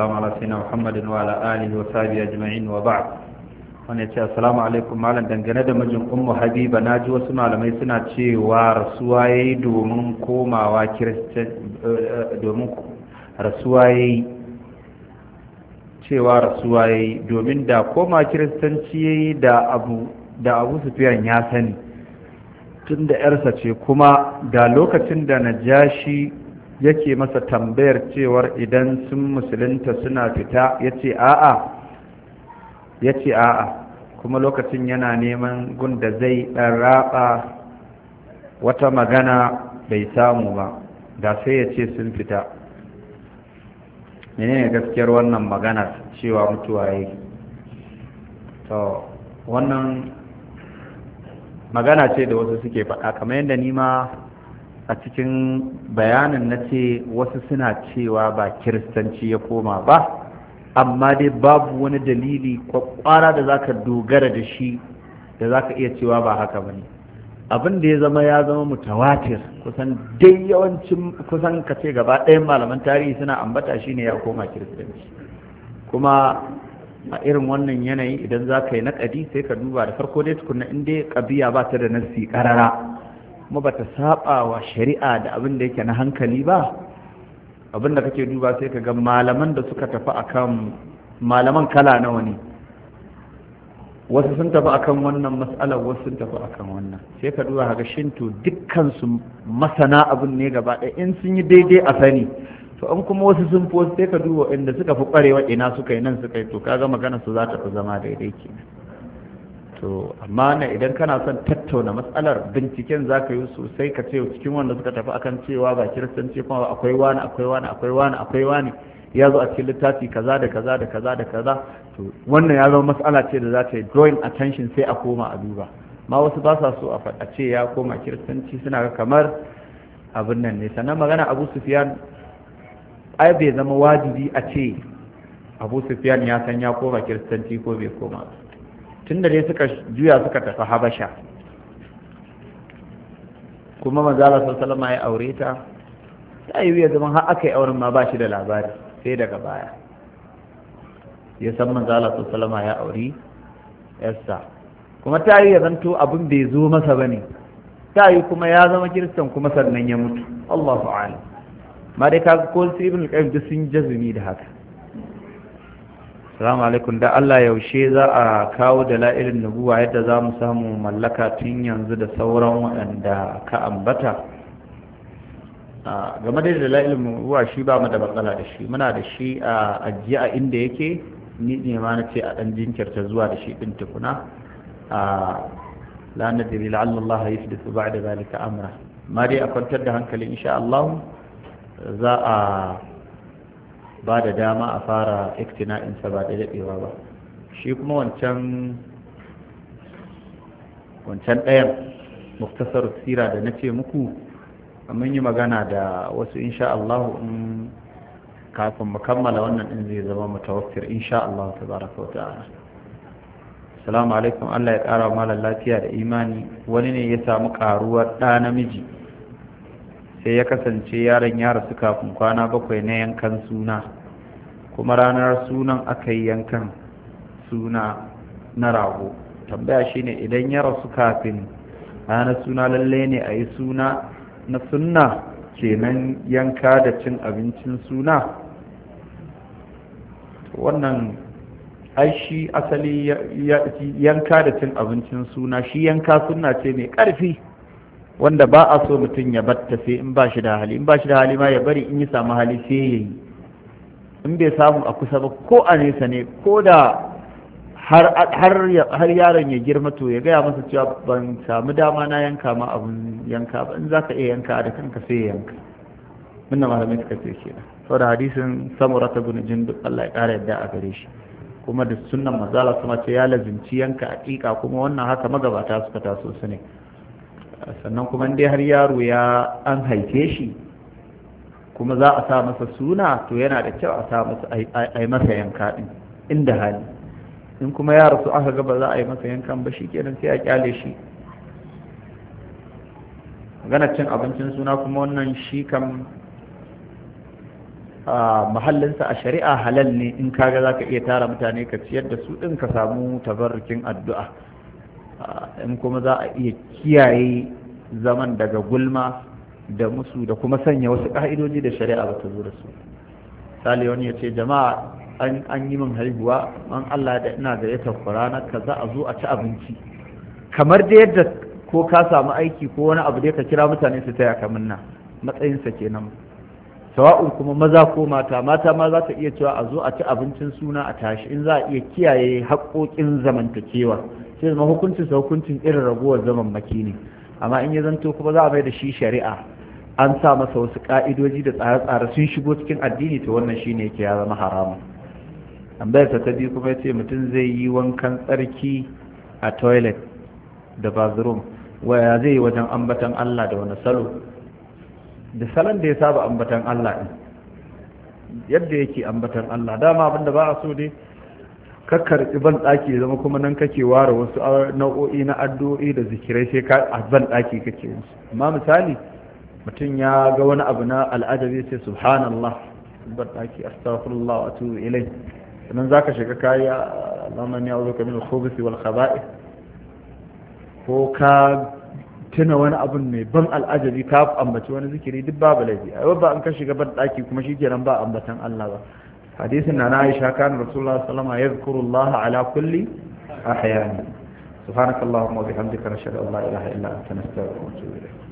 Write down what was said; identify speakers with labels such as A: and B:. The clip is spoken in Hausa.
A: ala wa على alihi wa وعلى آله وصحبه wa وبعد wani ce assalamu alaikum malam dangane da mijin ummu habiba na ji wasu malamai suna cewa rasuwa ya yi domin komawa kiristan domin rasuwa ya yi cewa rasuwa ya yi domin da koma kiristanci ya yi da abu da abu sufiyan ya sani tun da yarsa ce kuma da lokacin da najashi yake masa tambayar cewar idan sun musulunta suna fita ya ce a'a ya ce a'a kuma lokacin yana neman gunda zai ɗan raɓa wata magana bai samu ba da sai ya ce sun fita ne ne gaskiyar wannan magana cewa mutuwa yi to wannan magana ce da wasu suke faɗa kamar yadda ni ma a cikin bayanin na ce wasu suna cewa ba kiristanci ya koma ba amma dai babu wani dalili kwakwara da za ka dogara da shi da za ka iya cewa ba haka ba ne abin da ya zama ya zama mutawatir kusan dai yawancin kusan ka ce gaba ɗayan malaman tarihi suna ambata shi ne ya koma kiristanci kuma a irin wannan yanayi idan za ka yi naƙadi sai ka duba da farko dai tukuna in dai ƙabiya ba ta da nassi ƙarara kuma ba ta saba wa shari'a da abin da yake na hankali ba abin da kake duba sai ka ga malaman da suka tafi akan malaman kala nawa ne wasu sun tafi akan wannan matsalar wasu sun tafi akan wannan sai ka duba ga shinto dukkan su masana abin ne gaba ɗaya in sun yi daidai a sani to an kuma wasu sun fi wasu sai ka duba inda suka fi kwarewa ina suka yi nan suka yi to kaga magana su za ta fi zama daidai kenan to amma na idan kana son tattauna matsalar binciken za ka yi sosai ka ce cikin wanda suka tafi akan cewa ba kiristanci kuma akwai wani akwai wani akwai wani akwai wani ya zo a cikin littafi kaza da kaza da kaza da kaza to wannan ya zama matsala ce da za ta yi drawing attention sai a koma a duba ma wasu ba sa so a faɗa ce ya koma kiristanci suna ga kamar abin nan ne sannan magana abu sufiyan ai bai zama wajibi a ce abu sufiyan ya san ya koma kiristanci ko bai koma tunda dai suka juya suka tafi habasha kuma manzala sallama ya aure ta ta yi wuya zaman har aka yi auren ma ba shi da labari sai daga baya ya san manzala sallama ya aure yasa kuma ta yi ya zanto abin bai zo masa ba ne ta yi kuma ya zama kiristan kuma sannan ya mutu allahu a'lam ma dai ka ko al qayyim duk sun jazumi da haka salamu alaikum da Allah yaushe za a kawo da la'irin nubuwa yadda za mu samu mallaka tun yanzu da sauran waɗanda ka ambata game da la'irin nubuwa shi ba mu da matsala da shi muna da shi a ajiye a inda yake ni ne ma na ce a ɗan jinkirta zuwa da shi ɗin tukuna a da la'allan Allah ya fi da su ba da zalika amra ma dai a kwantar da hankali insha Allah za a ba da dama a fara iktina'insa ba da daɗewa ba shi kuma wancan wancan ɗayan muftasar sira da na ce muku mun yi magana da wasu insha Allah in kafin mu kammala wannan in zai zama mutawaffir insha Allah tabaraka wa ta'ala assalamu alaikum Allah ya ƙara malar lafiya da imani wani ne ya samu ƙaruwar ɗa namiji sai ya kasance yaron ya rasu kafin kwana bakwai na yankan suna kuma ranar sunan aka yi yankan suna na rago tambaya shine idan ya rasu kafin ranar suna lalle ne a yi suna na sunna kenan yanka da cin abincin suna wannan ai shi asali yanka da cin abincin suna shi yanka suna ce mai ƙarfi wanda ba a so mutum ya batta sai in ba shi da hali in ba shi da hali ma ya bari in yi samu hali sai ya yi in bai samu a kusa ba ko a nesa ne ko da har yaron ya girma to ya gaya masa cewa ban samu dama na yanka ma abun yanka ba in za ka iya yanka da kanka sai ya yanka minna malamai suka ce Sau saboda hadisin samura ta samurata jin duk Allah ya kara yadda a gare shi kuma da sunan mazala kuma ce ya lazimci yanka a kuma wannan haka magabata suka taso su ne sannan kuma dai har yaro ya an haife shi kuma za a sa masa suna to yana da kyau a sa masa a masa yanka din inda hali in kuma ya su aka ga ba za a yi masa yankan ba shi kenan sai a kyale shi gana cin abincin suna kuma wannan shi kam mahallinsa a shari'a halal ne in kaga za ka iya tara mutane ka ciyar da su ɗin ka samu tabarrukin addu'a in kuma za a iya kiyaye zaman daga gulma da musu da kuma sanya wasu ka'idoji da shari'a ba ta zo da su sali wani ya ce jama'a an yi min haihuwa an allah da ina da ya tafura na ka za a zo a ci abinci kamar da yadda ko ka samu aiki ko wani abu da ka kira mutane su taya kamar na matsayinsa kenan sawa'un kuma maza ko mata mata ma za ta iya cewa a zo a ci abincin suna a tashi in za a iya kiyaye haƙoƙin zamantakewa sai zama hukuncin sa hukuncin irin raguwar zaman maki ne amma in ya zanto kuma za a mai da shi shari'a an sa masa wasu ka'idoji da tsare-tsare sun shigo cikin addini to wannan ne yake ya zama haramun tambayar ta ta biyu kuma ce mutum zai yi wankan tsarki a toilet da bathroom waya zai yi wajen ambatan Allah da wani salo da salon da ya saba ambatan Allah ɗin yadda yake ambatan Allah dama abinda ba a so ne kakkar ban ɗaki zama kuma nan kake ware wasu nau'o'i na addu'o'i da zikirai sai ka a ban ɗaki kake wasu amma misali mutum ya ga wani abu na al'ajabi sai subhanallah ban ɗaki astaghfirullah wa atubu ilai sannan zaka shiga kayi Allahumma inni a'udhu min ko ka tuna wani abun mai ban al'ajabi ka ambaci wani zikiri duk babu laifi a yau ba an ka shiga ban daki kuma shikenan ba ambatan Allah ba hadisin na Aisha kan Rasulullah sallallahu alaihi wasallam yadhkuru ala kulli ahyani subhanakallahumma wa bihamdika nashhadu an la ilaha illa anta nastaghfiruka wa natubu ilayk